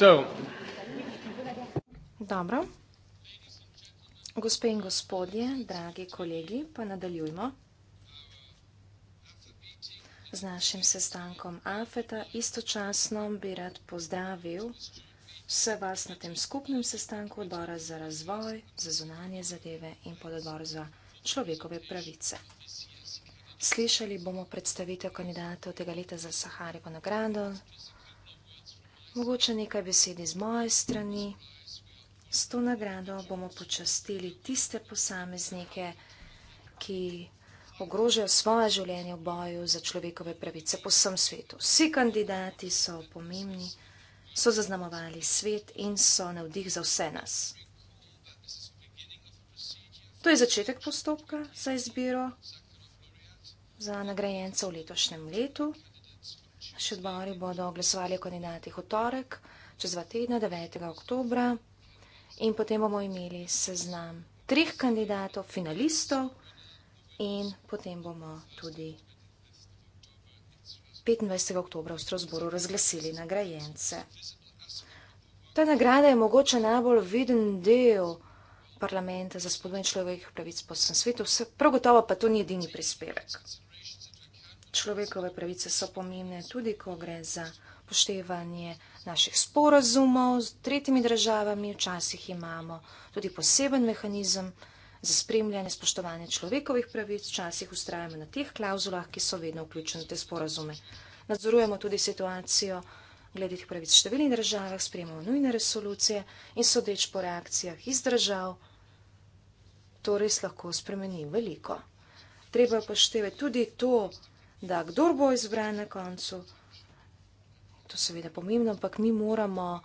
klical. Dobro. Gospe in gospodje, dragi kolegi, pa nadaljujmo z našim sestankom AFETA. Istočasno bi rad pozdravil vse vas na tem skupnem sestanku odbora za razvoj, za zunanje zadeve in pododbor za človekove pravice. Slišali bomo predstavitev kandidatov tega leta za Sahari po nagrado, Mogoče nekaj besed iz moje strani. S to nagrado bomo počastili tiste posameznike, ki ogrožajo svoje življenje v boju za človekove pravice po vsem svetu. Vsi kandidati so pomembni, so zaznamovali svet in so navdih za vse nas. To je začetek postopka za izbiro za nagrajence v letošnjem letu še odbori bodo glasovali o kandidatih v torek, čez dva tedna, 9. oktober, in potem bomo imeli seznam trih kandidatov, finalistov, in potem bomo tudi 25. oktober v Strasburu razglasili nagrajence. Ta nagrada je mogoče najbolj viden del parlamenta za spodbujanje človekovih pravic po vsem svetu, prav gotovo pa to ni edini prispevek človekove pravice so pomembne tudi, ko gre za poštevanje naših sporazumov s tretjimi državami. Včasih imamo tudi poseben mehanizem za spremljanje spoštovanja človekovih pravic, včasih ustrajamo na teh klauzulah, ki so vedno vključene v te sporazume. Nadzorujemo tudi situacijo glede tih pravic v številnih državah, sprejemamo nujne resolucije in sodeč po reakcijah iz držav, to res lahko spremeni veliko. Treba poštevati tudi to, da kdor bo izbran na koncu, to seveda pomembno, ampak mi moramo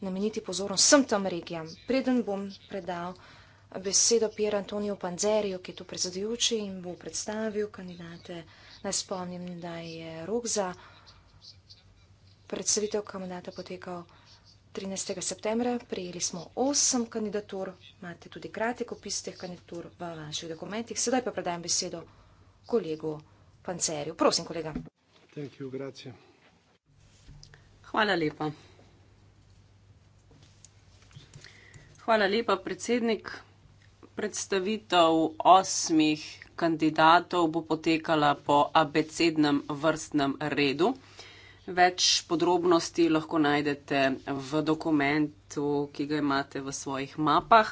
nameniti pozornost vsem tam regijam. Preden bom predal besedo Pier Antonijo Panzerijo, ki je tu predsedujoči in bo predstavil kandidate, naj spomnim, da je rok za predstavitev kandidata potekal 13. septembra. Prijeli smo 8 kandidatur, imate tudi kratek opis teh kandidatur v vaših dokumentih. Sedaj pa predajam besedo kolegu. Pancerju. Prosim, kolega. Hvala lepa. Hvala lepa, predsednik. Predstavitev osmih kandidatov bo potekala po abecednem vrstnem redu. Več podrobnosti lahko najdete v dokumentu, ki ga imate v svojih mapah.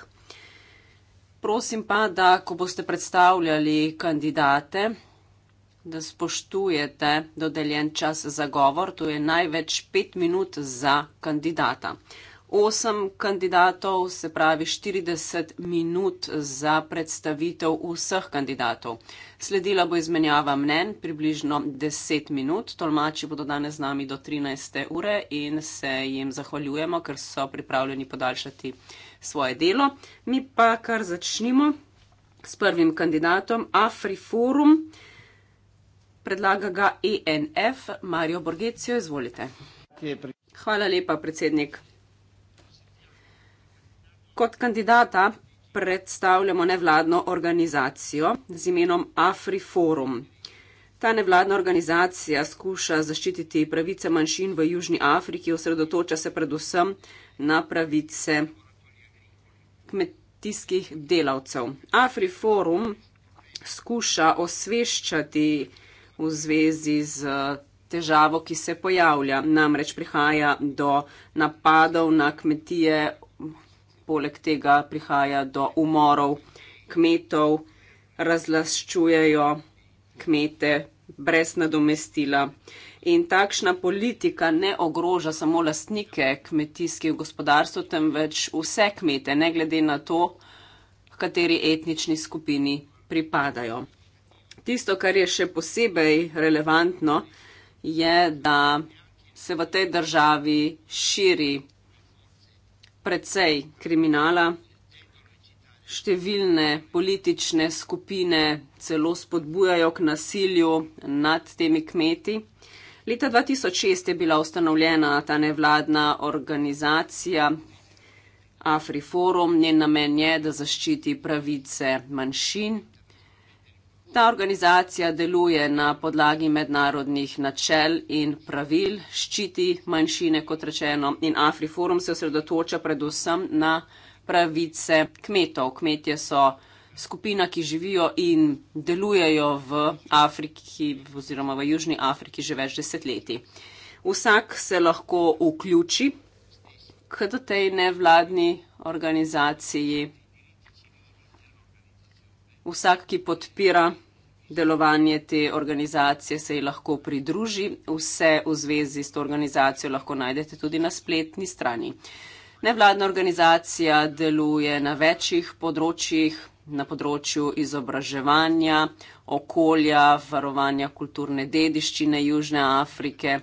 Prosim pa, da ko boste predstavljali kandidate, da spoštujete dodeljen čas za govor, to je največ pet minut za kandidata. Osem kandidatov, se pravi 40 minut za predstavitev vseh kandidatov. Sledila bo izmenjava mnen, približno 10 minut. Tolmači bodo danes z nami do 13. ure in se jim zahvaljujemo, ker so pripravljeni podaljšati svoje delo. Mi pa kar začnimo s prvim kandidatom, Afri Forum. Uh, predlaga ga ENF, Marijo Borgecijo, izvolite. Hvala lepa, predsednik. Kot kandidata predstavljamo nevladno organizacijo z imenom Afri Forum. Ta nevladna organizacija skuša zaščititi pravice manjšin v Južni Afriki, osredotoča se predvsem na pravice kmetijskih delavcev. Afri Forum skuša osveščati v zvezi z težavo, ki se pojavlja. Namreč prihaja do napadov na kmetije, poleg tega prihaja do umorov kmetov, razlaščujejo kmete brez nadomestila. In takšna politika ne ogroža samo lastnike kmetijskih gospodarstv, temveč vse kmete, ne glede na to, kateri etnični skupini pripadajo. Tisto, kar je še posebej relevantno, je, da se v tej državi širi precej kriminala, številne politične skupine celo spodbujajo k nasilju nad temi kmeti. Leta 2006 je bila ustanovljena ta nevladna organizacija Afriforum. Njen namen je, da zaščiti pravice manjšin Ta organizacija deluje na podlagi mednarodnih načel in pravil, ščiti manjšine, kot rečeno, in AfriForum se osredotoča predvsem na pravice kmetov. Kmetje so skupina, ki živijo in delujejo v Afriki oziroma v Južni Afriki že več desetletij. Vsak se lahko vključi k tej nevladni organizaciji. Vsak, ki podpira delovanje te organizacije, se ji lahko pridruži. Vse v zvezi s to organizacijo lahko najdete tudi na spletni strani. Nevladna organizacija deluje na večjih področjih, na področju izobraževanja, okolja, varovanja kulturne dediščine Južne Afrike,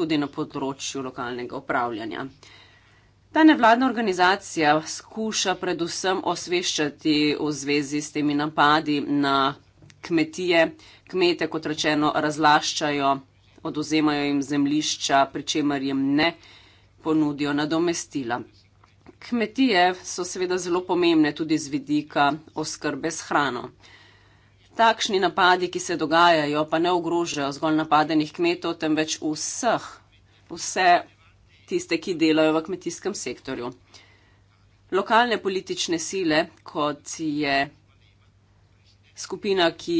tudi na področju lokalnega upravljanja. Ta nevladna organizacija skuša predvsem osveščati v zvezi s temi napadi na kmetije. Kmete, kot rečeno, razlaščajo, oduzemajo jim zemlišča, pri čemer jim ne ponudijo nadomestila. Kmetije so seveda zelo pomembne tudi z vidika oskrbe s hrano. Takšni napadi, ki se dogajajo, pa ne ogrožajo zgolj napadenih kmetov, temveč vseh, vse tiste, ki delajo v kmetijskem sektorju. Lokalne politične sile, kot je skupina, ki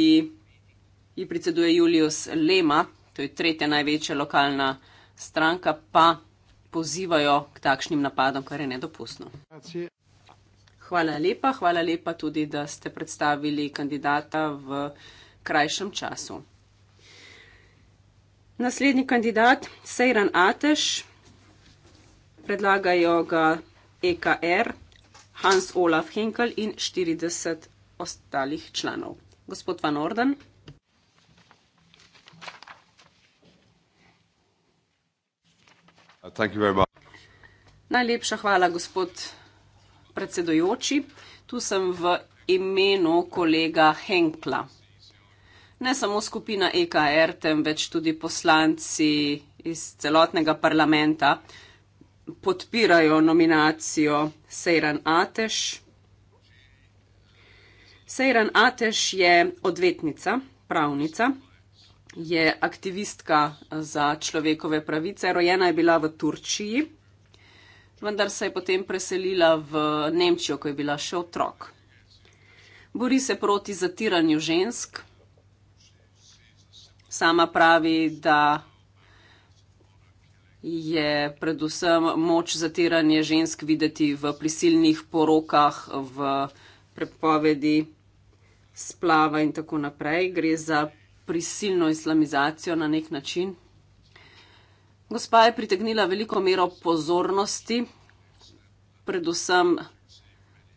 ji predseduje Julius Lema, to je tretja največja lokalna stranka, pa pozivajo k takšnim napadom, kar je nedopustno. Hvala lepa, hvala lepa tudi, da ste predstavili kandidata v krajšem času. Naslednji kandidat, Sejran Ateš predlagajo ga EKR, Hans Olaf Henkel in 40 ostalih članov. Gospod Van Orden. Najlepša hvala, gospod predsedojoči. Tu sem v imenu kolega Henkla. Ne samo skupina EKR, temveč tudi poslanci iz celotnega parlamenta. Uh, podpirajo nominacijo Sejran Ateš. Sejran Ateš je odvetnica, pravnica, je aktivistka za človekove pravice, rojena je bila v Turčiji, vendar se je potem preselila v Nemčijo, ko je bila še otrok. Bori se proti zatiranju žensk. Sama pravi, da je predvsem moč zatiranja žensk videti v prisilnih porokah, v prepovedi splava in tako naprej. Gre za prisilno islamizacijo na nek način. Gospa je pritegnila veliko mero pozornosti, predvsem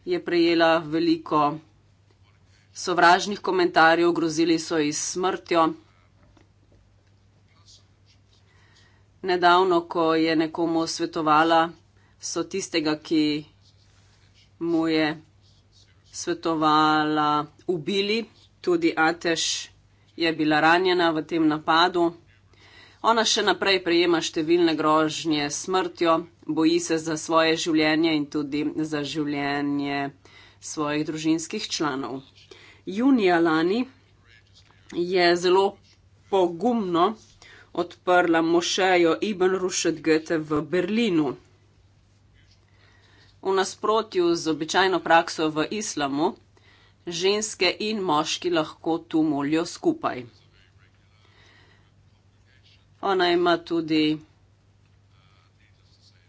je prejela veliko sovražnih komentarjev, grozili so ji smrtjo. nedavno, ko je nekomu svetovala, so tistega, ki mu je svetovala, ubili. Tudi Atež je bila ranjena v tem napadu. Ona še naprej prejema številne grožnje s smrtjo, boji se za svoje življenje in tudi za življenje svojih družinskih članov. Junija lani je zelo pogumno odprla mošejo Ibn Rushed Goethe v Berlinu. V nasprotju z običajno prakso v islamu, ženske in moški lahko tu molijo skupaj. Ona ima tudi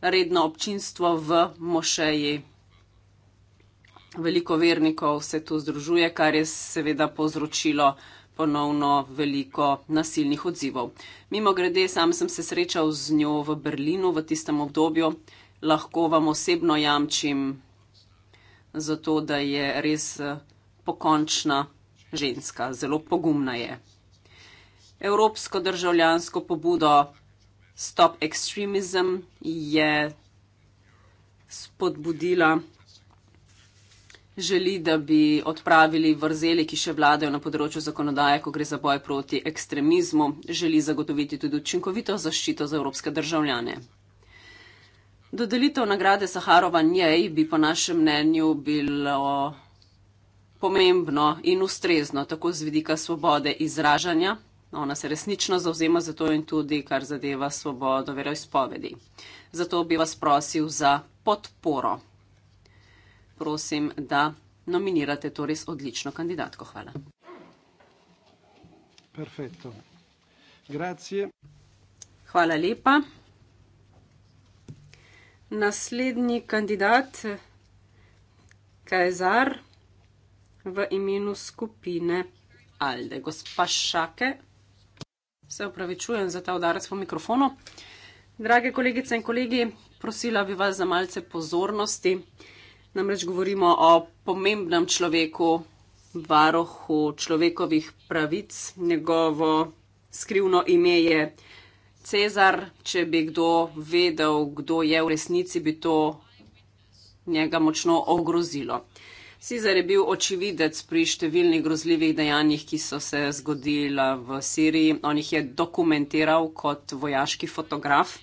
redno občinstvo v mošeji. Veliko vernikov se tu združuje, kar je seveda povzročilo ponovno veliko nasilnih odzivov. Mimo grede, sam sem se srečal z njo v Berlinu v tistem obdobju, lahko vam osebno jamčim za to, da je res eh, pokončna ženska, zelo pogumna je. Evropsko državljansko pobudo Stop Extremism je spodbudila želi, da bi odpravili vrzeli, ki še vladajo na področju zakonodaje, ko gre za boj proti ekstremizmu, želi zagotoviti tudi učinkovito zaščito za evropske državljane. Dodelitev nagrade Saharova njej bi po našem mnenju bilo pomembno in ustrezno, tako z vidika svobode izražanja. Ona se resnično zauzema za to in tudi, kar zadeva svobodo veroizpovedi. Zato bi vas prosil za podporo prosim, da nominirate to res odlično kandidatko. Hvala. Perfetto. Grazie. Hvala lepa. Naslednji kandidat, Kajzar, v imenu skupine Alde. Gospa Šake, se upravičujem za ta udarec po mikrofonu. Drage kolegice in kolegi, prosila bi vas za malce pozornosti. Namreč govorimo o pomembnem človeku, varohu človekovih pravic. Njegovo skrivno ime je Cezar. Če bi kdo vedel, kdo je v resnici, bi to njega močno ogrozilo. Cezar je bil očividec pri številnih grozljivih dejanjih, ki so se zgodila v Siriji. On jih je dokumentiral kot vojaški fotograf.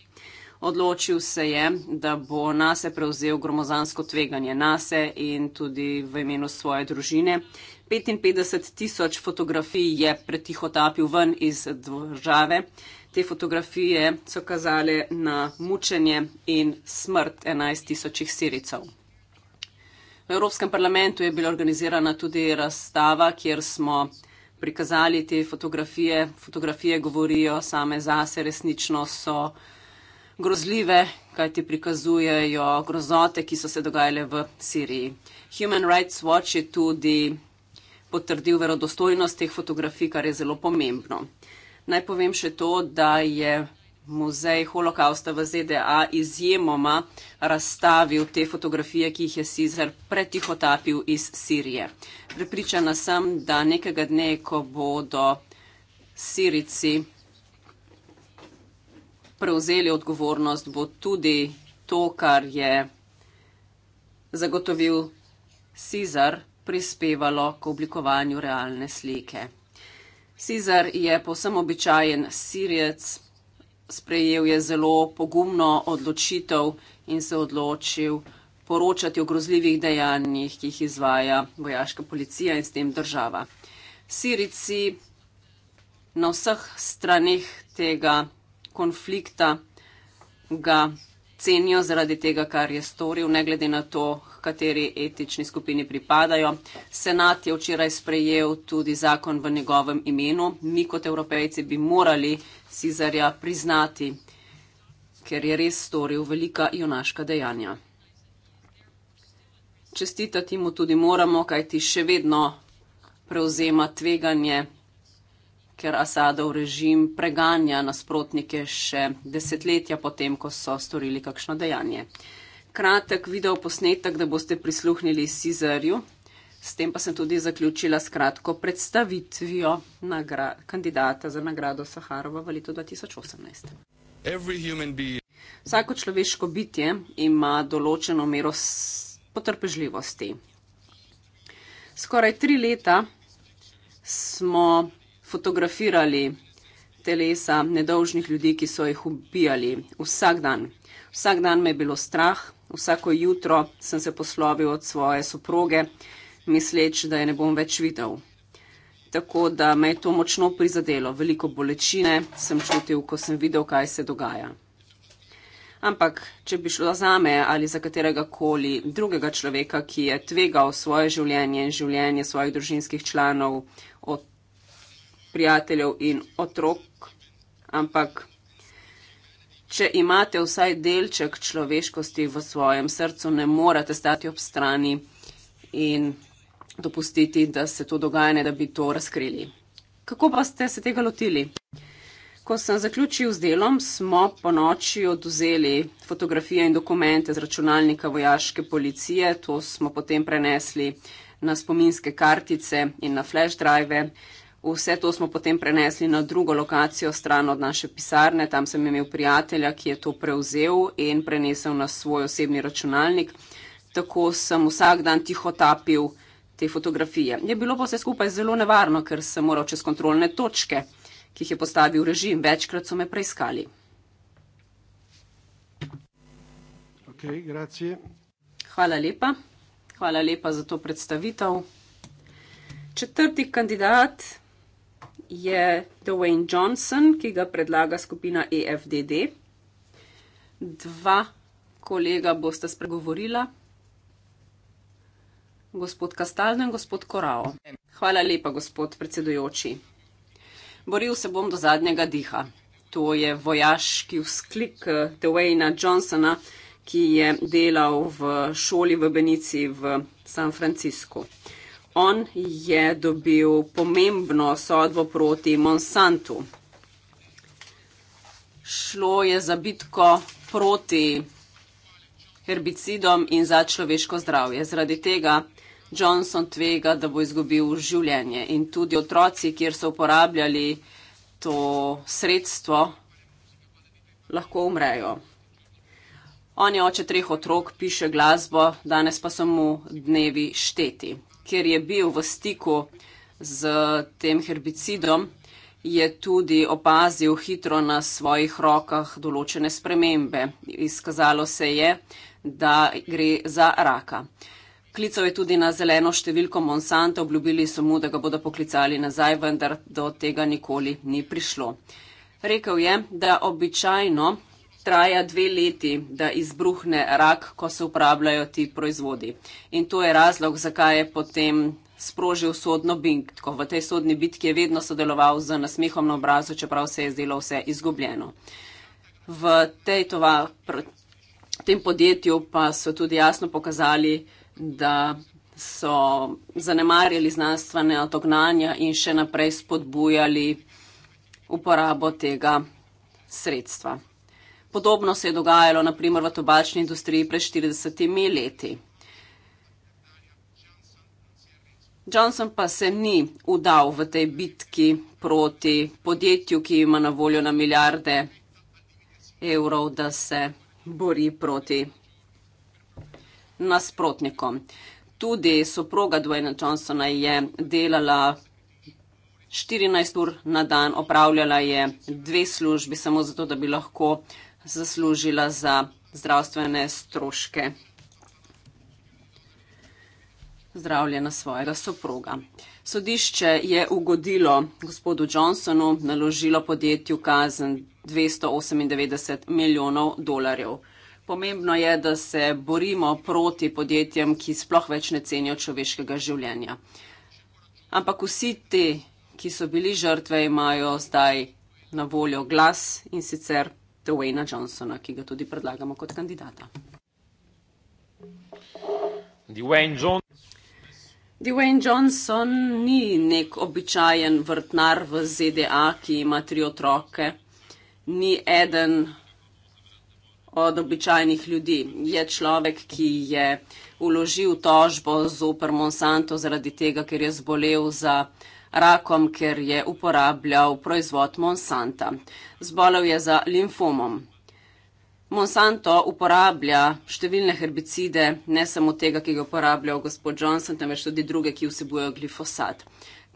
Odločil se je, da bo nase prevzel gromozansko tveganje nase in tudi v imenu svoje družine. 55 tisoč fotografij je pretihotapil ven iz države. Te fotografije so kazale na mučenje in smrt 11 tisočih siricev. V Evropskem parlamentu je bila organizirana tudi razstava, kjer smo prikazali te fotografije. Fotografije govorijo same zase, resnično so grozljive, kajti prikazujejo grozote, ki so se dogajale v Siriji. Human Rights Watch je tudi potrdil verodostojnost teh fotografij, kar je zelo pomembno. Naj povem še to, da je muzej holokausta v ZDA izjemoma razstavil te fotografije, ki jih je Cizar pretihotapil iz Sirije. Prepričana sem, da nekega dne, ko bodo Sirici prevzeli odgovornost, bo tudi to, kar je zagotovil Cezar, prispevalo k oblikovanju realne slike. Cezar je povsem običajen sirjec, sprejel je zelo pogumno odločitev in se odločil poročati o grozljivih dejanjih, ki jih izvaja vojaška policija in s tem država. Sirici na vseh stranih tega konflikta, ga cenijo zaradi tega, kar je storil, ne glede na to, kateri etični skupini pripadajo. Senat je včeraj sprejel tudi zakon v njegovem imenu. Mi kot evropejci bi morali Cizarja priznati, ker je res storil velika junaška dejanja. Čestitati mu tudi moramo, kajti še vedno prevzema tveganje ker Asadov režim preganja nasprotnike še desetletja potem, ko so storili kakšno dejanje. Kratek video posnetek, da boste prisluhnili Cizerju, s tem pa sem tudi zaključila s kratko predstavitvijo kandidata za nagrado Saharova v letu 2018. Vsako človeško bitje ima določeno mero potrpežljivosti. Skoraj tri leta smo fotografirali telesa nedolžnih ljudi, ki so jih ubijali vsak dan. Vsak dan me je bilo strah, vsako jutro sem se poslovil od svoje soproge, misleč, da je ne bom več videl. Tako da me je to močno prizadelo, veliko bolečine sem čutil, ko sem videl, kaj se dogaja. Ampak, če bi šlo za me ali za katerega koli drugega človeka, ki je tvegal svoje življenje in življenje svojih družinskih članov od prijateljev in otrok, ampak če imate vsaj delček človeškosti v svojem srcu, ne morete stati ob strani in dopustiti, da se to dogajanje, da bi to razkrili. Kako pa ste se tega lotili? Ko sem zaključil z delom, smo po noči oduzeli fotografije in dokumente z računalnika vojaške policije, to smo potem prenesli na spominske kartice in na flash drive. Vse to smo potem prenesli na drugo lokacijo, stran od naše pisarne. Tam sem imel prijatelja, ki je to prevzel in prenesel na svoj osebni računalnik. Tako sem vsak dan tiho tapil te fotografije. Je bilo pa vse skupaj zelo nevarno, ker sem moral čez kontrolne točke, ki jih je postavil režim. Večkrat so me preiskali. Okay, Hvala lepa. Hvala lepa za to predstavitev. Četrti kandidat je Dwayne Johnson, ki ga predlaga skupina EFDD. Dva kolega boste spregovorila, gospod Kastaldo in gospod Korao. Hvala lepa, gospod predsedujoči. Boril se bom do zadnjega diha. To je vojaški vzklik eh, Dwayna Johnsona, ki je delal v šoli v Benici v San Franciscu. On je dobil pomembno sodbo proti Monsantu. Šlo je za bitko proti herbicidom in za človeško zdravje. Zaradi tega Johnson tvega, da bo izgubil življenje. In tudi otroci, kjer so uporabljali to sredstvo, lahko umrejo. On je oče treh otrok, piše glasbo, danes pa so mu dnevi šteti ker je bil v stiku z tem herbicidom, je tudi opazil hitro na svojih rokah določene spremembe. Izkazalo se je, da gre za raka. Klical je tudi na zeleno številko Monsanta, obljubili so mu, da ga bodo poklicali nazaj, vendar do tega nikoli ni prišlo. Rekel je, da običajno traja dve leti, da izbruhne rak, ko se uporabljajo ti proizvodi. In to je razlog, zakaj je potem sprožil sodno bitko. V tej sodni bitki je vedno sodeloval z nasmehom na obrazu, čeprav se je zdelo vse izgubljeno. V tej tova, tem podjetju pa so tudi jasno pokazali, da so zanemarjali znanstvene otognanja in še naprej spodbujali uporabo tega sredstva. Podobno se je dogajalo naprimer v tobačni industriji pred 40 leti. Johnson pa se ni udal v tej bitki proti podjetju, ki ima na voljo na milijarde evrov, da se bori proti nasprotnikom. Tudi soproga Dwayna Johnsona je delala 14 ur na dan, opravljala je dve službi samo zato, da bi lahko zaslužila za zdravstvene stroške zdravljena svojega soproga. Sodišče je ugodilo gospodu Johnsonu, naložilo podjetju kazen 298 milijonov dolarjev. Pomembno je, da se borimo proti podjetjem, ki sploh več ne cenijo človeškega življenja. Ampak vsi ti, ki so bili žrtve, imajo zdaj na voljo glas in sicer Dwayna Johnsona, ki ga tudi predlagamo kot kandidata. Dwayne, John Dwayne Johnson ni nek običajen vrtnar v ZDA, ki ima tri otroke, ni eden od običajnih ljudi. Je človek, ki je vložil tožbo zoper Monsanto zaradi tega, ker je zbolel za rakom, ker je uporabljal proizvod Monsanta. Zbolel je za linfomom. Monsanto uporablja številne herbicide, ne samo tega, ki ga uporablja gospod Johnson, temveč tudi druge, ki vsebujejo glifosat.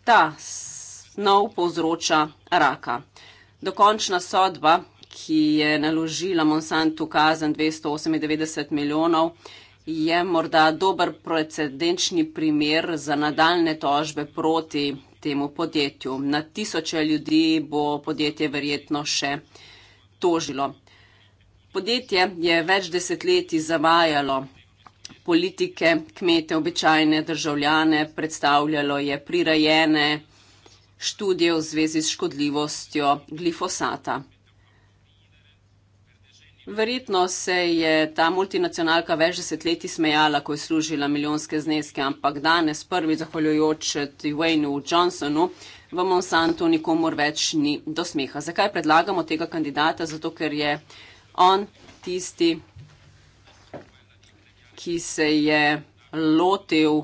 Ta snov povzroča raka. Dokončna sodba, ki je naložila Monsantu kazen 298 milijonov, je morda dober precedenčni primer za nadaljne tožbe proti temu podjetju. Na tisoče ljudi bo podjetje verjetno še tožilo. Podjetje je več desetletij zavajalo politike, kmete, običajne državljane, predstavljalo je prirajene študije v zvezi s škodljivostjo glifosata. Verjetno se je ta multinacionalka več desetletij smejala, ko je služila milijonske zneske, ampak danes prvi zahvaljujoč Dwayneu Johnsonu v Monsantu nikomor več ni do smeha. Zakaj predlagamo tega kandidata? Zato, ker je on tisti, ki se je lotil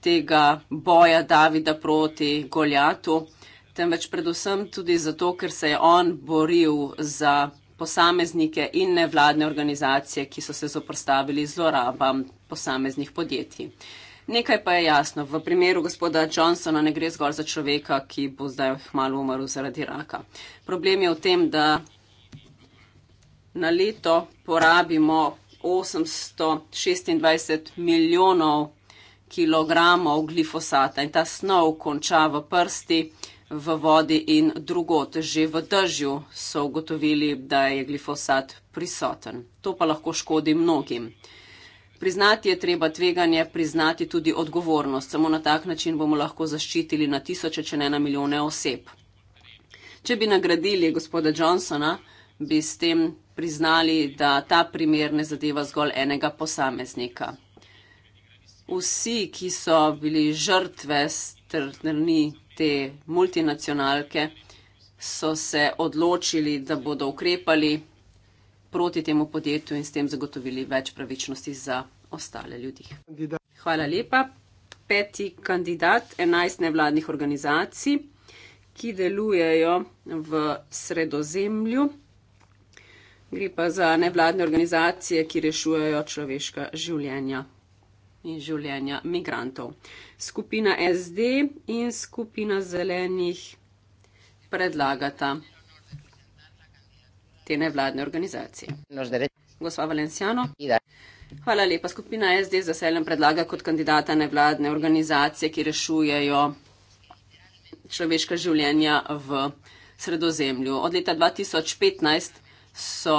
tega boja Davida proti Goljatu, temveč predvsem tudi zato, ker se je on boril za posameznike in nevladne organizacije, ki so se zoprstavili zlorabam posameznih podjetij. Nekaj pa je jasno, v primeru gospoda Johnsona ne gre zgolj za človeka, ki bo zdaj malo umrl zaradi raka. Problem je v tem, da na leto porabimo 826 milijonov kilogramov glifosata in ta snov konča v prsti v vodi in drugot, že v držju so ugotovili, da je glifosat prisoten. To pa lahko škodi mnogim. Priznati je treba tveganje, priznati tudi odgovornost. Samo na tak način bomo lahko zaščitili na tisoče, če ne na milijone oseb. Če bi nagradili gospoda Johnsona, bi s tem priznali, da ta primer ne zadeva zgolj enega posameznika. Vsi, ki so bili žrtve trdni te multinacionalke, so se odločili, da bodo ukrepali proti temu podjetju in s tem zagotovili več pravičnosti za ostale ljudi. Hvala lepa. Peti kandidat 11 nevladnih organizacij, ki delujejo v sredozemlju. Gre pa za nevladne organizacije, ki rešujejo človeška življenja in življenja migrantov. Skupina SD in skupina zelenih predlagata te nevladne organizacije. Gospa Valenciano. Hvala lepa. Skupina SD za selem predlaga kot kandidata nevladne organizacije, ki rešujejo človeška življenja v sredozemlju. Od leta 2015 so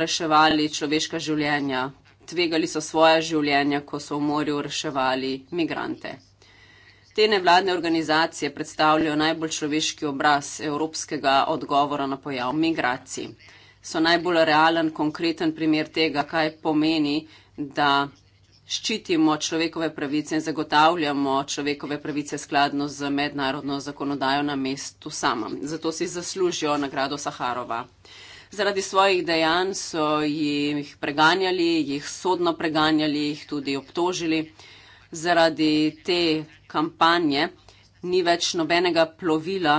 reševali človeška življenja tvegali so svoje življenje, ko so v morju reševali migrante. Te nevladne organizacije predstavljajo najbolj človeški obraz evropskega odgovora na pojav migracij. So najbolj realen, konkreten primer tega, kaj pomeni, da ščitimo človekove pravice in zagotavljamo človekove pravice skladno z mednarodno zakonodajo na mestu samem. Zato si zaslužijo nagrado Saharova. Zaradi svojih dejanj so jih preganjali, jih sodno preganjali, jih tudi obtožili. Zaradi te kampanje ni več nobenega plovila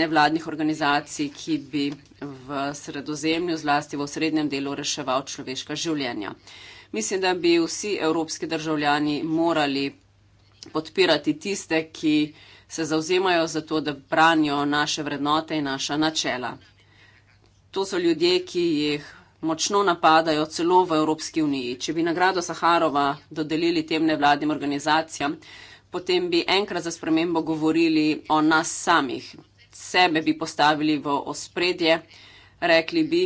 nevladnih organizacij, ki bi v sredozemlju, zlasti v srednjem delu, reševal človeška življenja. Mislim, da bi vsi evropski državljani morali podpirati tiste, ki se zauzemajo za to, da branijo naše vrednote in naša načela. To so ljudje, ki jih močno napadajo celo v Evropski uniji. Če bi nagrado Saharova dodelili tem nevladnim organizacijam, potem bi enkrat za spremembo govorili o nas samih. Sebe bi postavili v ospredje, rekli bi,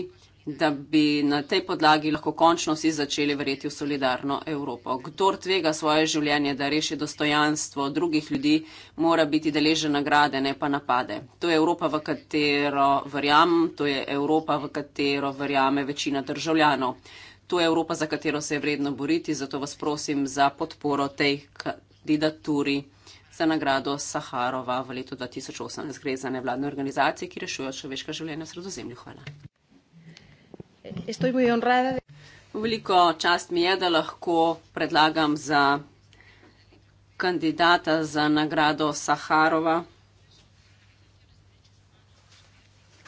da bi na tej podlagi lahko končno vsi začeli verjeti v solidarno Evropo. Kdor tvega svoje življenje, da reši dostojanstvo drugih ljudi, mora biti deležen nagrade, ne pa napade. To je Evropa, v katero verjamem, to je Evropa, v katero verjame večina državljanov. To je Evropa, za katero se je vredno boriti, zato vas prosim za podporo tej kandidaturi za nagrado Saharova v letu 2018. Gre za nevladne organizacije, ki rešujejo človeška življenja v sredozemlju. Hvala. Estoy muy honrada. Veliko čast mi je, da lahko predlagam za kandidata za nagrado Saharova.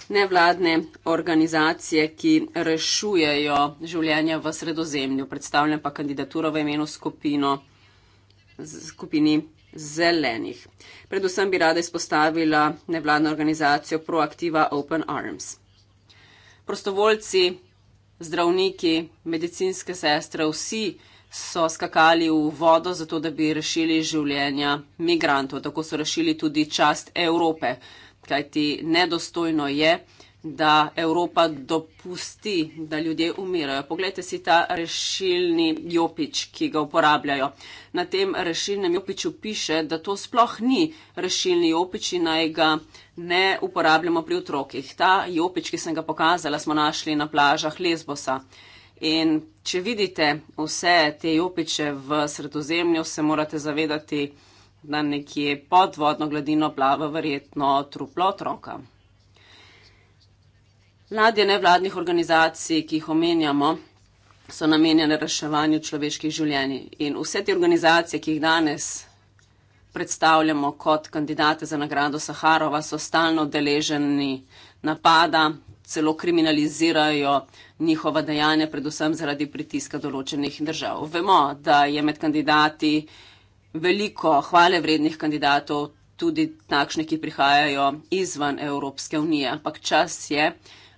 Nevladne organizacije, ki rešujejo življenja v sredozemlju, predstavljam pa kandidaturo v imenu skupino, skupini zelenih. Predvsem bi rada izpostavila nevladno organizacijo Proactiva Open Arms. Prostovoljci zdravniki, medicinske sestre, vsi so skakali v vodo, zato da bi rešili življenja migrantov. Tako so rešili tudi čast Evrope, kajti nedostojno je, da Evropa dopusti, da ljudje umirajo. Poglejte si ta rešilni jopič, ki ga uporabljajo. Na tem rešilnem jopiču piše, da to sploh ni rešilni jopič in naj ga ne uporabljamo pri otrokih. Ta jopič, ki sem ga pokazala, smo našli na plažah Lesbosa. In če vidite vse te jopiče v sredozemlju, se morate zavedati, da nekje pod vodno gladino plava verjetno truplo otroka. Ladje nevladnih organizacij, ki jih omenjamo, so namenjene reševanju človeških življenj. In vse te organizacije, ki jih danes predstavljamo kot kandidate za nagrado Saharova, so stalno deleženi napada, celo kriminalizirajo njihova dejanja, predvsem zaradi pritiska določenih držav. Vemo, da je med kandidati veliko hvale vrednih kandidatov, tudi takšne, ki prihajajo izvan Evropske unije, ampak čas je,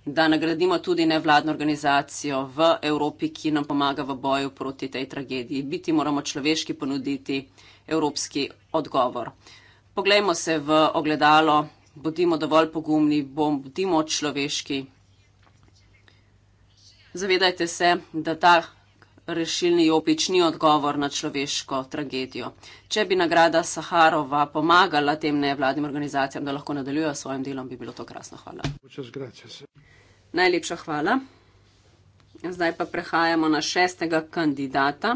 da nagradimo tudi nevladno organizacijo v Evropi, ki nam pomaga v boju proti tej tragediji. Biti moramo človeški ponuditi evropski odgovor. Poglejmo se v ogledalo, bodimo dovolj pogumni, bodimo človeški. Zavedajte se, da ta rešilni jopič ni odgovor na človeško tragedijo. Če bi nagrada Saharova pomagala tem nevladnim organizacijam, da lahko nadaljujejo s svojim delom, bi bilo to krasno. Hvala. Najlepša hvala. Zdaj pa prehajamo na šestega kandidata,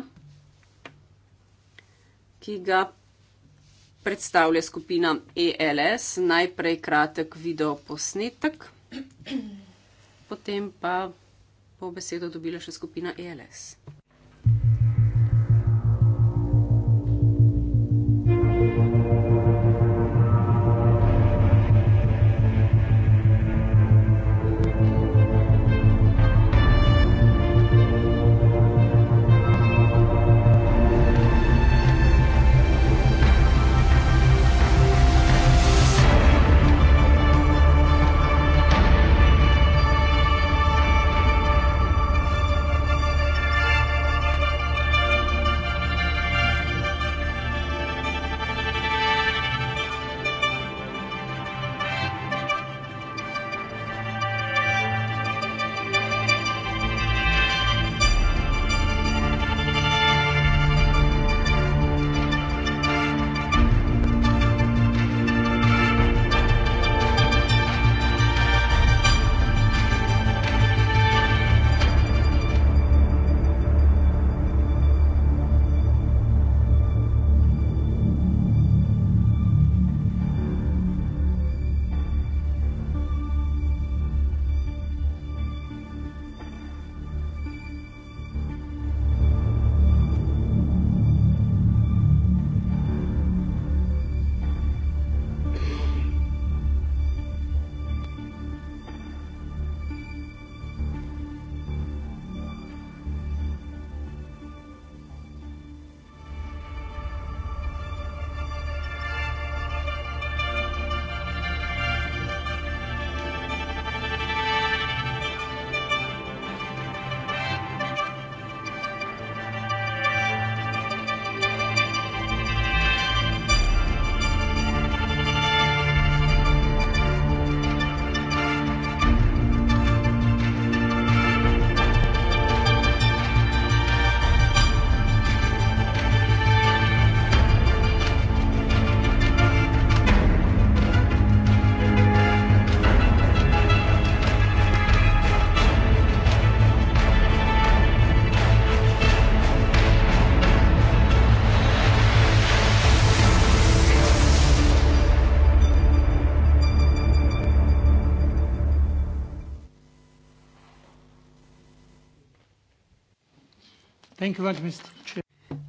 ki ga predstavlja skupina ELS. Najprej kratek video posnetek, potem pa po besedo dobila še skupina ELS.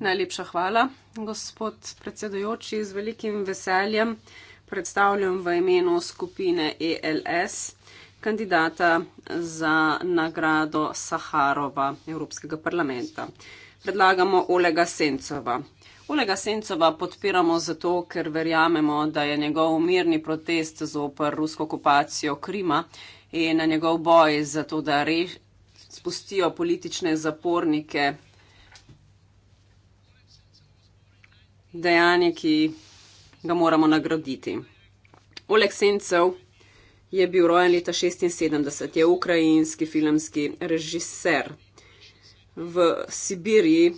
Najlepša hvala, gospod predsedujoči. Z velikim veseljem predstavljam v imenu skupine ELS kandidata za nagrado Saharova Evropskega parlamenta. Predlagamo Olega Sencova. Olega Sencova podpiramo zato, ker verjamemo, da je njegov mirni protest zopr rusko okupacijo Krima in njegov boj za to, da re, spustijo politične zapornike dejanje, ki ga moramo nagraditi. Oleg Sencev je bil rojen leta 1976, je ukrajinski filmski režiser. V Sibiriji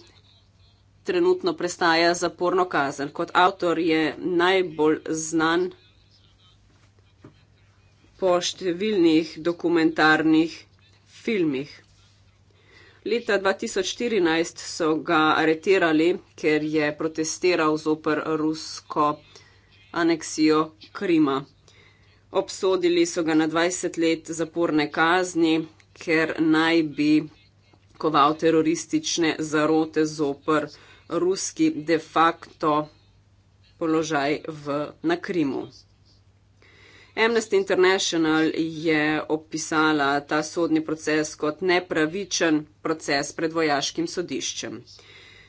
trenutno prestaja zaporno kazen. Kot avtor je najbolj znan po številnih dokumentarnih filmih. Leta 2014 so ga aretirali, ker je protestiral zoper rusko aneksijo Krima. Obsodili so ga na 20 let zaporne kazni, ker naj bi koval teroristične zarote zoper ruski de facto položaj v, na Krimu. Amnesty International je opisala ta sodni proces kot nepravičen proces pred vojaškim sodiščem.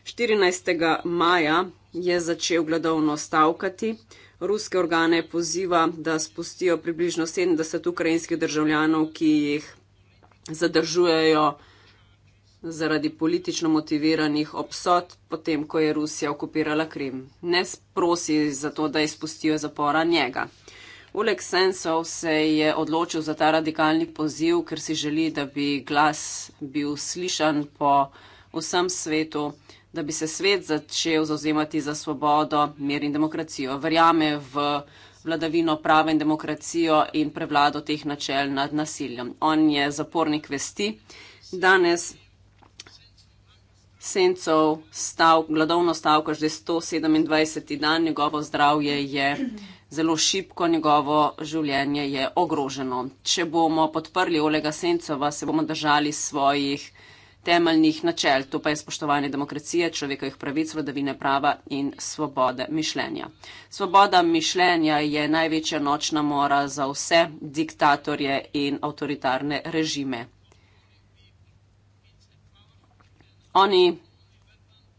14. maja je začel gladovno stavkati. Ruske organe poziva, da spustijo približno 70 ukrajinskih državljanov, ki jih zadržujejo zaradi politično motiviranih obsod, potem ko je Rusija okupirala Krim. Ne prosi za to, da izpustijo zapora njega. Oleg Sensov se je odločil za ta radikalni poziv, ker si želi, da bi glas bil slišan po vsem svetu, da bi se svet začel zauzemati za svobodo, mir in demokracijo. Verjame v vladavino prave in demokracijo in prevlado teh načel nad nasiljem. On je zapornik vesti. Danes Sencov stav, gladovno stavka, že 127. dan, njegovo zdravje je. Mhm zelo šipko, njegovo življenje je ogroženo. Če bomo podprli Olega Sencova, se bomo držali svojih temeljnih načel, to pa je spoštovanje demokracije, človekovih pravic, vladavine prava in svobode mišljenja. Svoboda mišljenja je največja nočna mora za vse diktatorje in avtoritarne režime. Oni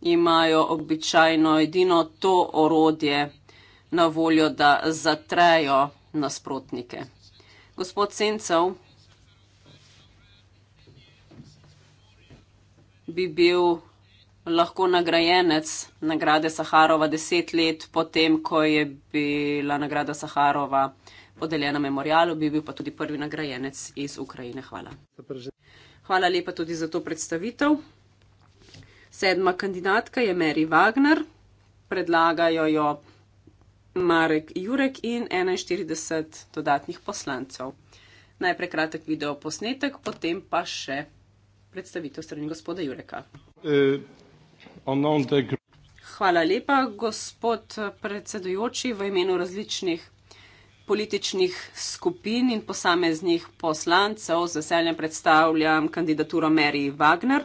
imajo običajno edino to orodje, na voljo, da zatrejo nasprotnike. Gospod Sencev bi bil lahko nagrajenec nagrade Saharova deset let potem, ko je bila nagrada Saharova podeljena memorialu, bi bil pa tudi prvi nagrajenec iz Ukrajine. Hvala. Hvala lepa tudi za to predstavitev. Sedma kandidatka je Mary Wagner. Predlagajo jo. Marek Jurek in 41 dodatnih poslancev. Najprej kratek video posnetek, potem pa še predstavitev strani gospoda Jureka. Eh, Hvala lepa, gospod predsedujoči, v imenu različnih političnih skupin in posameznih poslancev z veseljem predstavljam kandidaturo Mary Wagner.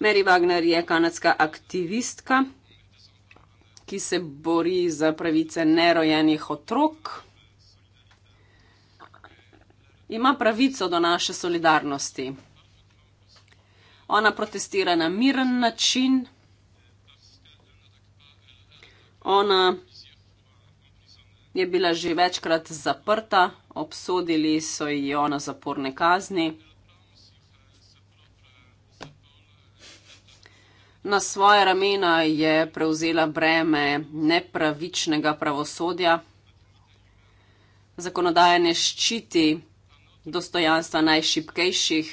Mary Wagner je kanadska aktivistka, ki se bori za pravice nerojenih otrok, ima pravico do naše solidarnosti. Ona protestira na miren način, ona je bila že večkrat zaprta, obsodili so jo na zaporne kazni. Na svoje ramena je prevzela breme nepravičnega pravosodja. Zakonodaja ne ščiti dostojanstva najšipkejših.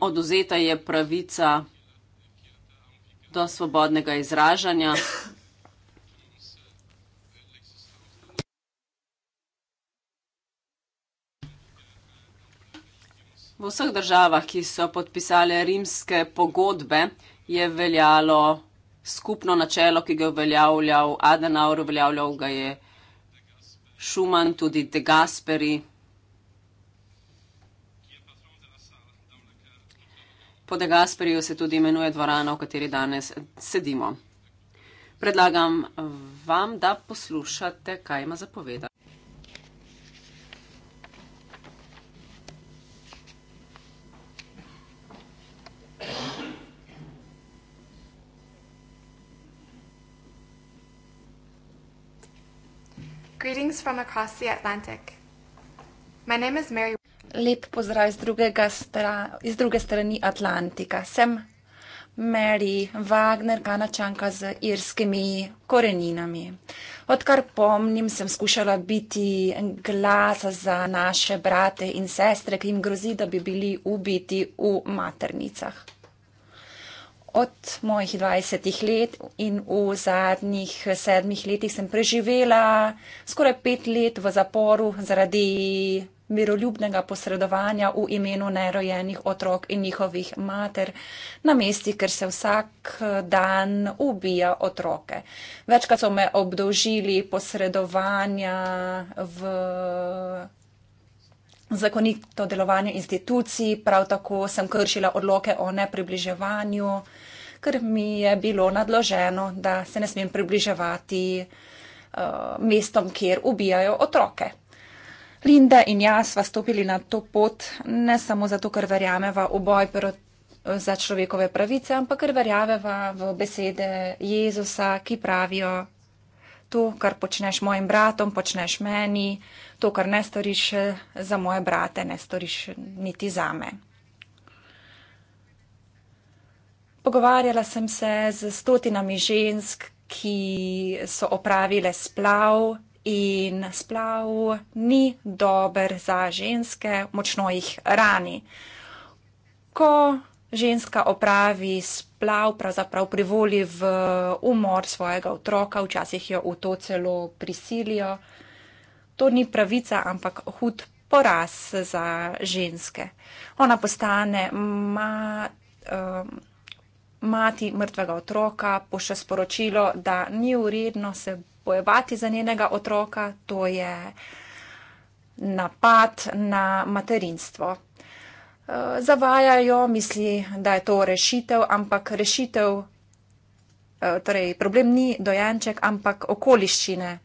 Oduzeta je pravica do svobodnega izražanja. V vseh državah, ki so podpisale rimske pogodbe, je veljalo skupno načelo, ki ga je uveljavljal Adenauer, uveljavljal ga je Schumann, tudi De Gasperi. Po De Gasperiju se tudi imenuje dvorana, v kateri danes sedimo. Predlagam vam, da poslušate, kaj ima zapovedati. Greetings from across the Atlantic. My name is Mary. Lep pozdrav iz, stra, iz druge strani Atlantika. Sem Mary Wagner, kanačanka z irskimi koreninami. Odkar pomnim, sem skušala biti glas za naše brate in sestre, ki jim grozi, da bi bili ubiti v maternicah od mojih 20 let in v zadnjih sedmih letih sem preživela skoraj pet let v zaporu zaradi miroljubnega posredovanja v imenu nerojenih otrok in njihovih mater na mesti, ker se vsak dan ubija otroke. Večkrat so me obdolžili posredovanja v zakonito delovanje institucij, prav tako sem kršila odloke o nepribliževanju ker mi je bilo nadloženo, da se ne smem približevati uh, mestom, kjer ubijajo otroke. Linda in jaz sva stopili na to pot ne samo zato, ker verjameva v boj za človekove pravice, ampak ker verjameva v besede Jezusa, ki pravijo, to, kar počneš mojim bratom, počneš meni, to, kar ne storiš eh, za moje brate, ne storiš niti za me. Pogovarjala sem se z stotinami žensk, ki so opravile splav in splav ni dober za ženske, močno jih rani. Ko ženska opravi splav, pravzaprav privoli v umor svojega otroka, včasih jo v to celo prisilijo, to ni pravica, ampak hud poraz za ženske. Ona postane ma. Um, mati mrtvega otroka pošlje sporočilo, da ni uredno se bojevati za njenega otroka, to je napad na materinstvo. Eh, zavajajo, misli, da je to rešitev, ampak rešitev, eh, torej problem ni dojenček, ampak okoliščine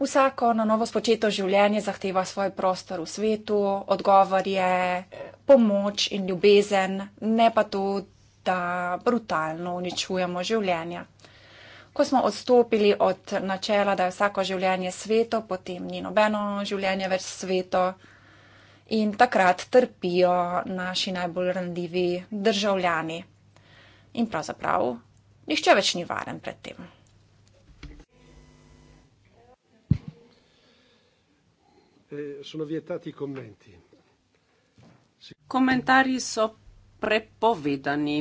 Vsako na novo spočeto življenje zahteva svoj prostor v svetu, odgovor je eh, pomoč in ljubezen, ne pa to, da brutalno uničujemo življenja. Ko smo odstopili od načela, da je vsako življenje sveto, potem ni nobeno življenje več sveto in takrat trpijo naši najbolj randljivi državljani. In pravzaprav nihče več ni varen pred tem. E, sono vietati i commenti. Sic- Commentari soprepovedani.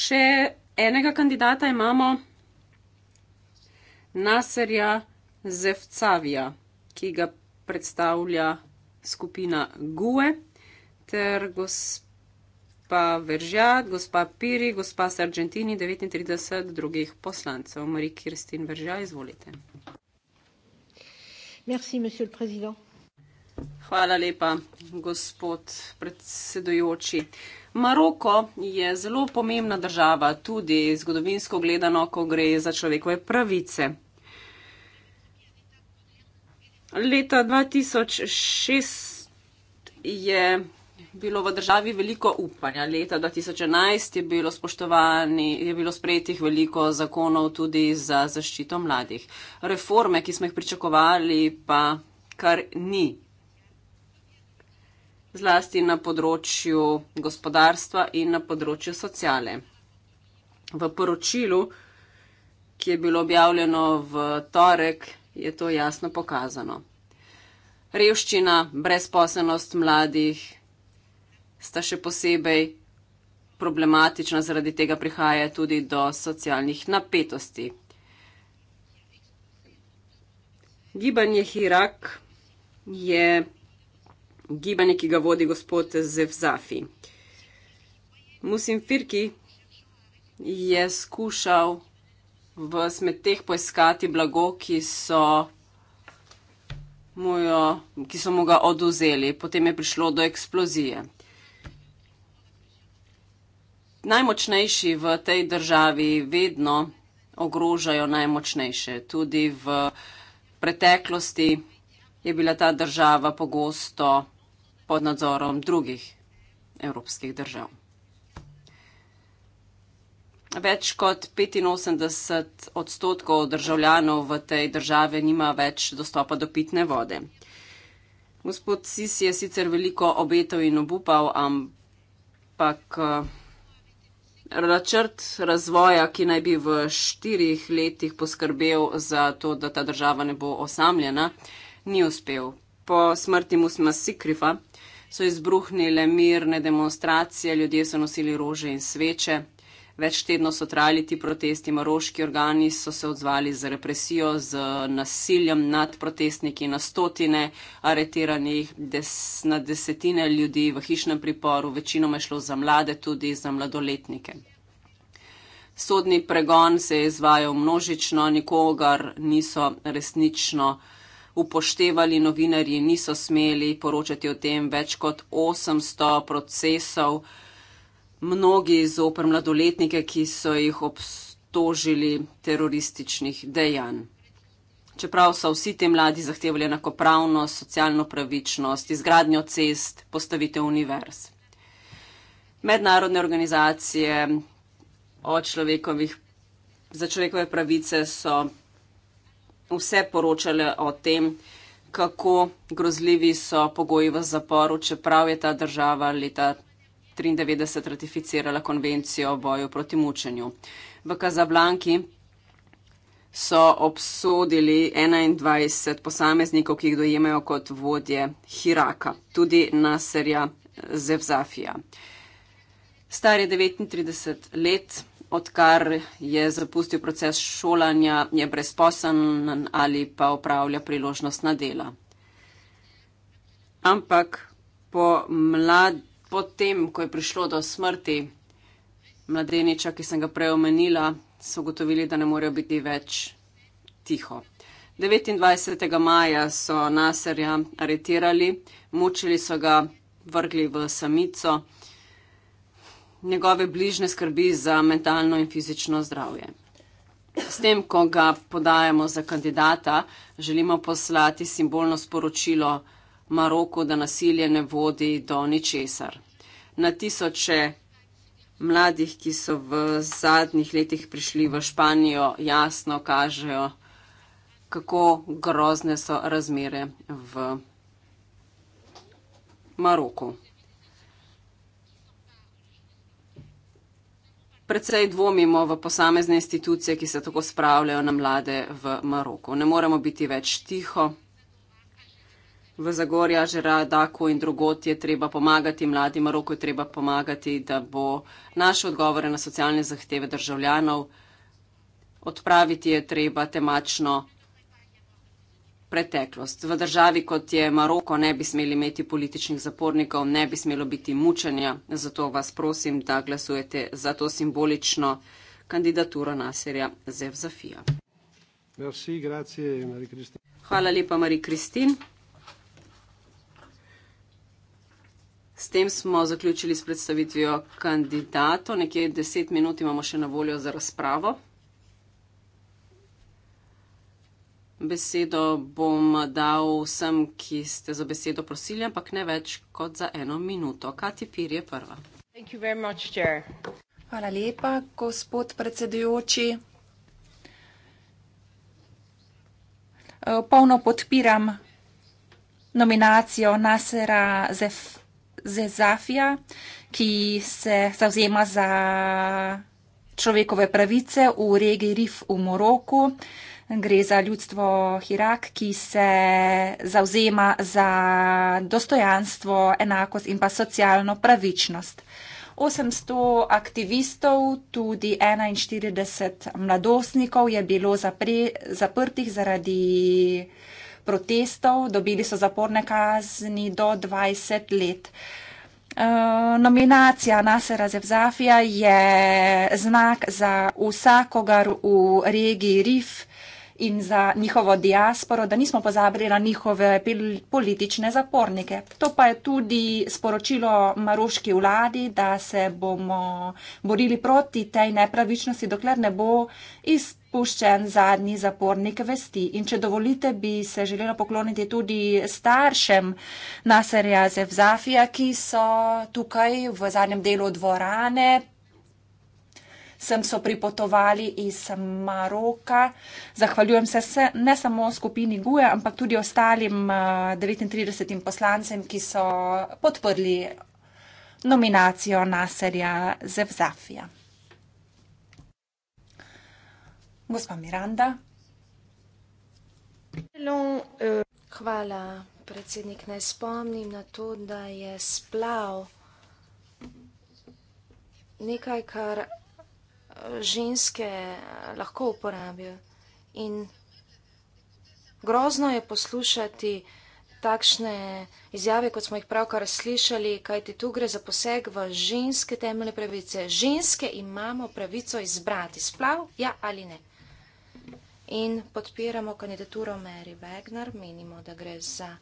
Še enega kandidata imamo Naserja Zevcavija, ki ga predstavlja skupina GUE, ter gospa Veržat, gospa Piri, gospa Sargentini, 39 drugih poslancev. Marie Kirstin Veržat, izvolite. Merci, monsieur le Président. Hvala lepa, gospod predsedujoči. Maroko je zelo pomembna država, tudi zgodovinsko gledano, ko gre za človekove pravice. Leta 2006 je bilo v državi veliko upanja. Leta 2011 je bilo spoštovani, je bilo sprejetih veliko zakonov tudi za zaščito mladih. Reforme, ki smo jih pričakovali, pa kar ni. Zlasti na področju gospodarstva in na področju sociale. V poročilu, ki je bilo objavljeno v torek, je to jasno pokazano. Revščina, brezposelnost mladih, sta še posebej problematična, zaradi tega prihaja tudi do socialnih napetosti. Gibanje Hirak je gibanje, ki ga vodi gospod Zefzafi. Musim Firki je skušal v smeteh poiskati blago, ki so, mu jo, ki so mu ga oduzeli. Potem je prišlo do eksplozije najmočnejši v tej državi vedno ogrožajo najmočnejše. Tudi v preteklosti je bila ta država pogosto pod nadzorom drugih evropskih držav. Več kot 85 odstotkov državljanov v tej državi nima več dostopa do pitne vode. Gospod Sisi je sicer veliko obetov in obupal, ampak eh, načrt razvoja, ki naj bi v štirih letih poskrbel za to, da ta država ne bo osamljena, ni uspel. Po smrti Musma Sikrifa so izbruhnile mirne demonstracije, ljudje so nosili rože in sveče. Več tednov so trajali ti protesti, maroški organi so se odzvali z represijo, z nasiljem nad protestniki, na stotine areteranih, des, na desetine ljudi v hišnem priporu, večinoma je šlo za mlade, tudi za mladoletnike. Sodni pregon se je izvajal množično, nikogar niso resnično upoštevali, novinarji niso smeli poročati o tem več kot 800 procesov mnogi zopr mladoletnike, ki so jih obtožili terorističnih dejanj. Čeprav so vsi ti mladi zahtevali enakopravnost, socialno pravičnost, izgradnjo cest, postavitev univerz. Mednarodne organizacije za človekove pravice so vse poročale o tem, kako grozljivi so pogoji v zaporu, čeprav je ta država leta 1993 ratificirala konvencijo o boju proti mučenju. V Kazablanki so obsodili 21 posameznikov, ki jih dojemajo kot vodje Hiraka, tudi naserja Zevzafija. Star je 39 let, odkar je zapustil proces šolanja, je brezposen ali pa upravlja priložnostna dela. Ampak po mladih potem, ko je prišlo do smrti mladeniča, ki sem ga prej omenila, so gotovili, da ne morejo biti več tiho. 29. maja so Naserja aretirali, mučili so ga, vrgli v samico, njegove bližne skrbi za mentalno in fizično zdravje. S tem, ko ga podajamo za kandidata, želimo poslati simbolno sporočilo, da Maroku, da nasilje ne vodi do ničesar. Na tisoče mladih, ki so v zadnjih letih prišli v Španijo, jasno kažejo, kako grozne so razmere v Maroku. Predvsej dvomimo v posamezne institucije, ki se tako spravljajo na mlade v Maroku. Ne moremo biti več tiho v Zagorju, Žeradaku in drugot je treba pomagati, mladi Maroko je treba pomagati, da bo naše odgovore na socialne zahteve državljanov odpraviti je treba temačno preteklost. V državi, kot je Maroko, ne bi smeli imeti političnih zapornikov, ne bi smelo biti mučenja, zato vas prosim, da glasujete za to simbolično kandidaturo Naserja Zevzafija. Merci, grazie, Hvala lepa, Marie Kristin. S tem smo zaključili s predstavitvijo kandidatov. Nekje deset minut imamo še na voljo za razpravo. Besedo bom dal vsem, ki ste za besedo prosili, ampak ne več kot za eno minuto. Kati Pir je prva. Much, Hvala lepa, gospod predsedujoči. Polno podpiram nominacijo Nasera Zef. Zezafija, ki se zauzema za človekove pravice v regiji Rif v Moroku. Gre za ljudstvo Hirak, ki se zauzema za dostojanstvo, enakost in pa socialno pravičnost. 800 aktivistov, tudi 41 mladostnikov je bilo zapre, zaprtih zaradi protestov, dobili so zaporne kazni do 20 let. Eh, nominacija Nasera Zevzafija je znak za vsakogar v regiji Rif, in za njihovo diasporo, da nismo pozabili na njihove politične zapornike. To pa je tudi sporočilo maroški vladi, da se bomo borili proti tej nepravičnosti, dokler ne bo iz. Puščen zadnji zapornik vesti. In če dovolite, bi se želela pokloniti tudi staršem Naserja Zevzafija, ki so tukaj v zadnjem delu dvorane sem so pripotovali iz Maroka. Zahvaljujem se, se ne samo skupini Guje, ampak tudi ostalim 39 eh, poslancem, ki so podprli nominacijo Naserja Zevzafija. Gospa Miranda. Hvala, predsednik. Naj spomnim na to, da je splav nekaj, kar ženske eh, lahko uporabijo. In grozno je poslušati takšne izjave, kot smo jih pravkar slišali, kajti tu gre za poseg v ženske temeljne pravice. Ženske imamo pravico izbrati splav, ja ali ne. In podpiramo kandidaturo Mary Wagner, menimo, da gre za.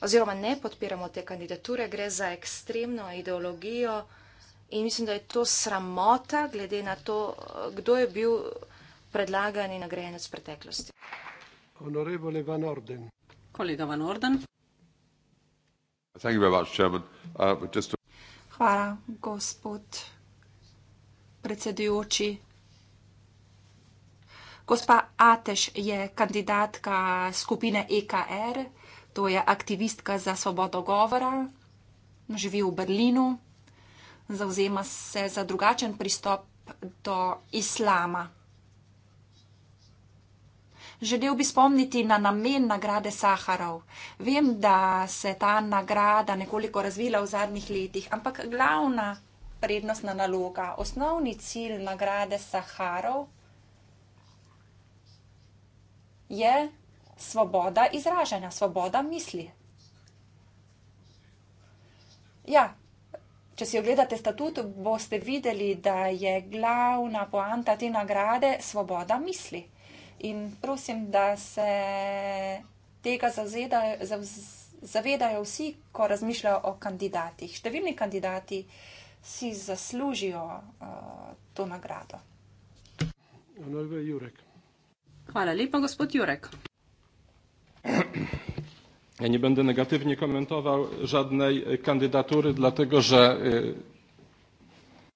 Oziroma ne podpiramo te kandidature, gre za ekstremno ideologijo. In mislim, da je to sramota, glede na to, kdo je bil predlagan in nagrajen v preteklosti. Honorable Van Orden. Kolega Van Orden. Much, uh, to... Hvala, gospod predsedujoči. Gospa Ateš je kandidatka skupine EKR, to je aktivistka za svobodo govora, živi v Berlinu zauzema se za drugačen pristop do islama. Želel bi spomniti na namen nagrade Saharov. Vem, da se je ta nagrada nekoliko razvila v zadnjih letih, ampak glavna prednostna naloga, osnovni cilj nagrade Saharov je svoboda izražanja, svoboda misli. Ja, Če si ogledate statut, boste videli, da je glavna poanta te nagrade svoboda misli. In prosim, da se tega zazedajo, zav, zavedajo vsi, ko razmišljajo o kandidatih. Številni kandidati si zaslužijo uh, to nagrado. Hvala lepa, gospod Jurek. Ja nie będę negatywnie komentował żadnej e, kandydatury, dlatego że. E,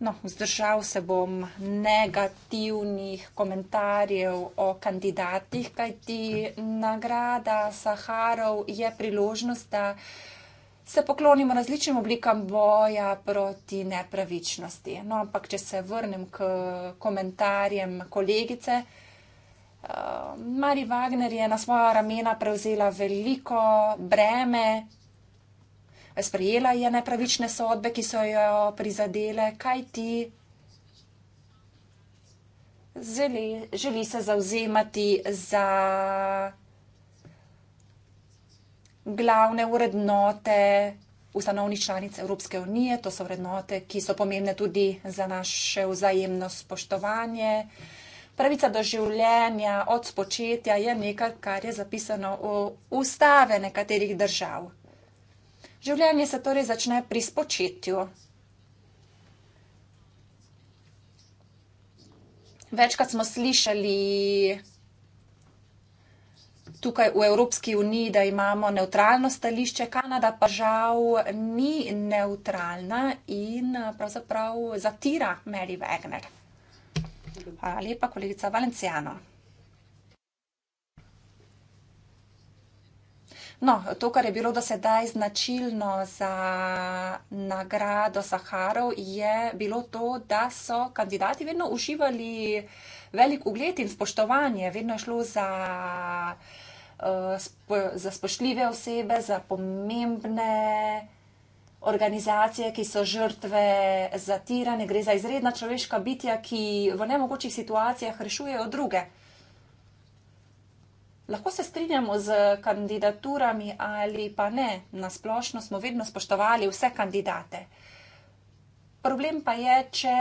no, zdržal se bom negativnih komentarjev o kandidatih, kajti nagrada Saharov je priložnost, da se poklonimo različnim oblikam boja proti nepravičnosti. No, ampak, če se vrnem k komentarjem kolegice, Mari Wagner je na svoja ramena prevzela veliko breme, sprejela je nepravične sodbe, ki so jo prizadele, kaj ti zeli, želi se zauzemati za glavne urednote ustanovnih članic Evropske unije. To so urednote, ki so pomembne tudi za naše vzajemno spoštovanje pravica do življenja, od spočetja je nekaj, kar je zapisano v ustave nekaterih držav. Življenje se torej začne pri spočetju. Večkrat smo slišali tukaj v Evropski uniji, da imamo neutralno stališče. Kanada pa žal ni neutralna in pravzaprav zatira Mary Wagner. Hvala lepa, kolegica Valenciano. No, to, kar je bilo do sedaj značilno za nagrado Saharov, je bilo to, da so kandidati vedno uživali velik ugled in spoštovanje. Vedno je šlo za, uh, eh, spo, za spoštljive osebe, za pomembne organizacije, ki so žrtve zatirane, gre za izredna človeška bitja, ki v nemogočih situacijah rešujejo druge. Lahko se strinjamo z kandidaturami ali pa ne, na splošno smo vedno spoštovali vse kandidate. Problem pa je, če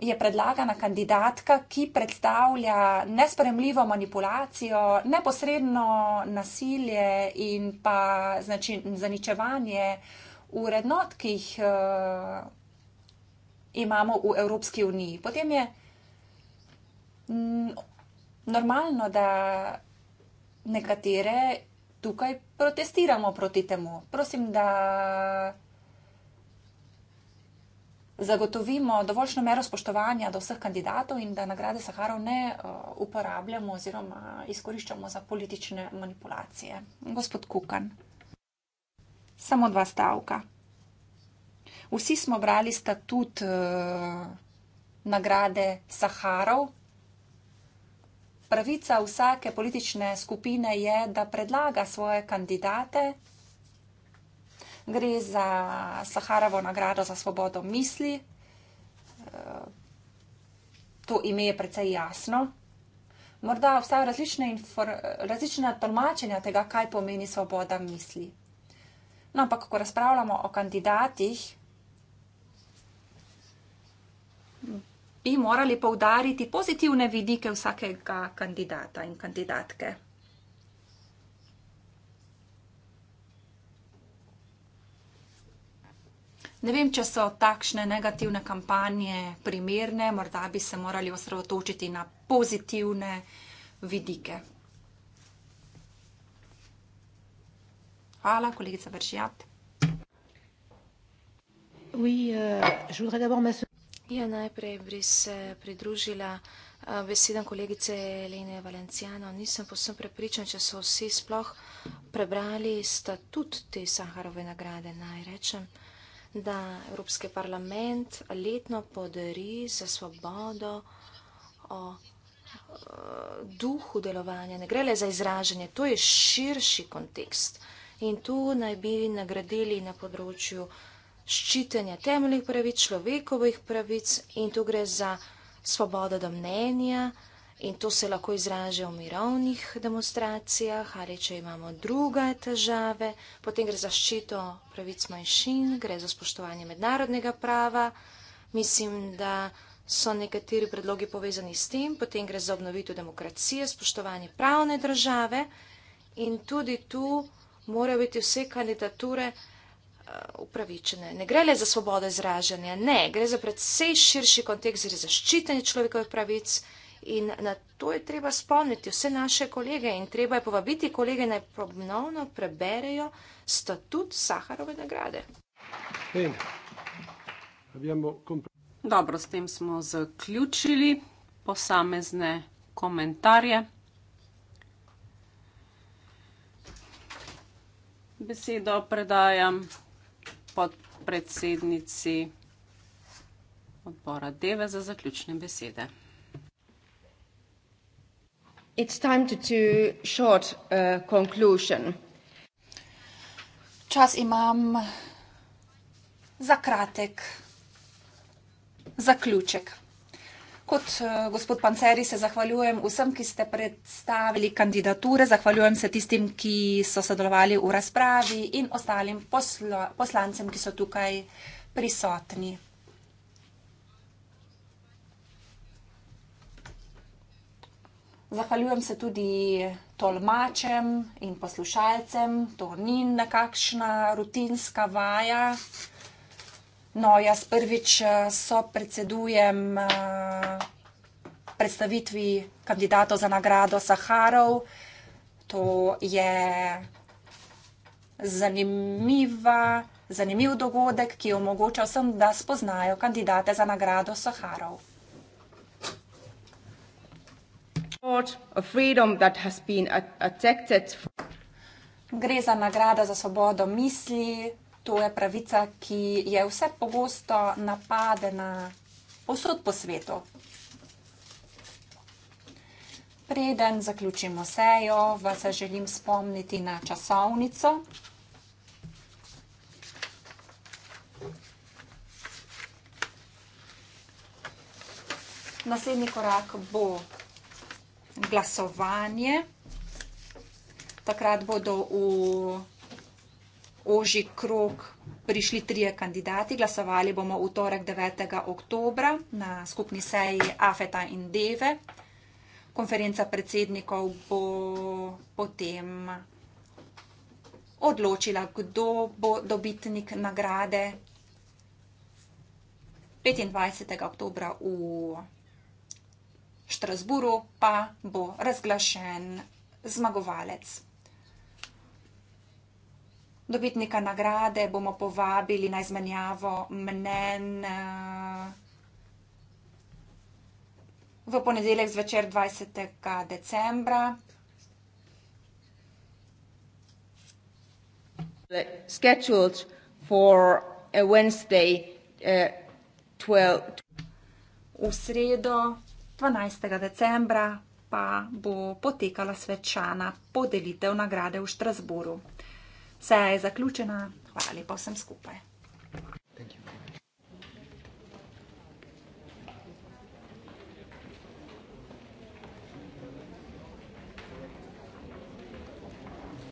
je predlagana kandidatka, ki predstavlja nespremljivo manipulacijo, neposredno nasilje in pa znači, zaničevanje urednot, ki jih uh, imamo v Evropski uniji. Potem je mm, normalno, da nekatere tukaj protestiramo proti temu. Prosim, da zagotovimo dovoljšno mero spoštovanja do vseh kandidatov in da nagrade Saharov ne eh, uporabljamo oziroma izkoriščamo za politične manipulacije. Gospod Kukan, samo dva stavka. Vsi smo brali statut eh, nagrade Saharov. Pravica vsake politične skupine je, da predlaga svoje kandidate gre za Saharovo nagrado za svobodo misli. Eh, to ime je precej jasno. Morda obstajajo različne, različne tolmačenja tega, kaj pomeni svoboda misli. No, ampak, ko razpravljamo o kandidatih, bi morali poudariti pozitivne vidike vsakega kandidata in kandidatke. Ne vem, če so takšne negativne kampanje primerne, morda bi se morali osredotočiti na pozitivne vidike. Hvala, kolegica Veržijat. Euh, ja, najprej bi se pridružila uh, besedam kolegice Elene Valenciano. Nisem posebno prepričan, če so vsi sploh prebrali statut te Saharove nagrade, naj rečem da Evropski parlament letno podari za svobodo o eh, duhu delovanja. Ne gre le za izražanje, to je širši kontekst. In tu naj bi nagradili na področju ščitanja temeljnih pravic, človekovih pravic in tu gre za svobodo do mnenja. In to se lahko izraža v mirovnih demonstracijah ali če imamo druge težave, potem gre za ščito pravic manjšin, gre za spoštovanje mednarodnega prava. Mislim, da so nekateri predlogi povezani s tem, potem gre za obnovitev demokracije, spoštovanje pravne države in tudi tu morajo biti vse kandidature eh, upravičene. Ne gre le za svobodo izražanja, ne, gre za predvsej širši kontekst, gre za ščitenje človekovih pravic. In na to je treba spomniti vse naše kolege in treba je povabiti kolege naj ponovno preberejo statut Saharove nagrade. In, Dobro, s tem smo zaključili posamezne komentarje. Besedo predajam podpredsednici odbora Deve za zaključne besede. It's time to, to short, uh, Čas imam za kratek zaključek. Kot uh, gospod Panceri se zahvaljujem vsem, ki ste predstavili kandidature, zahvaljujem se tistim, ki so sodelovali v razpravi in ostalim poslo, poslancem, ki so tukaj prisotni. Zahvaljujem se tudi tolmačem in poslušalcem, to ni nekakšna rutinska vaja. No, jaz prvič eh, so predsedujem eh, predstavitvi kandidatov za nagrado Saharov. To je zanimiva, zanimiv dogodek, ki omogoča vsem, da spoznajo kandidate za nagrado Saharov. thought of freedom that has been attacked. Gre za nagrado za svobodo misli, to je pravica, ki je vse pogosto napadena posod po svetu. Preden zaključimo sejo, vas se želim spomniti na časovnico. Naslednji korak bo glasovanje. Takrat bodo v oži krok prišli trije kandidati. Glasovali bomo v torek 9. oktobra na skupni seji AFETA in DEVE. Konferenca predsednikov bo potem odločila, kdo bo dobitnik nagrade 25. oktobra v Štrasburu pa bo razglašen zmagovalec. Dobitnika nagrade bomo povabili na izmenjavo mnen eh, v ponedeljek zvečer 20. decembra. Scheduled for a Wednesday uh, eh, 12. V sredo 12. decembra pa bo potekala svečana podelitev nagrade v Štrasburu. Seja je zaključena, hvala lepa vsem skupaj.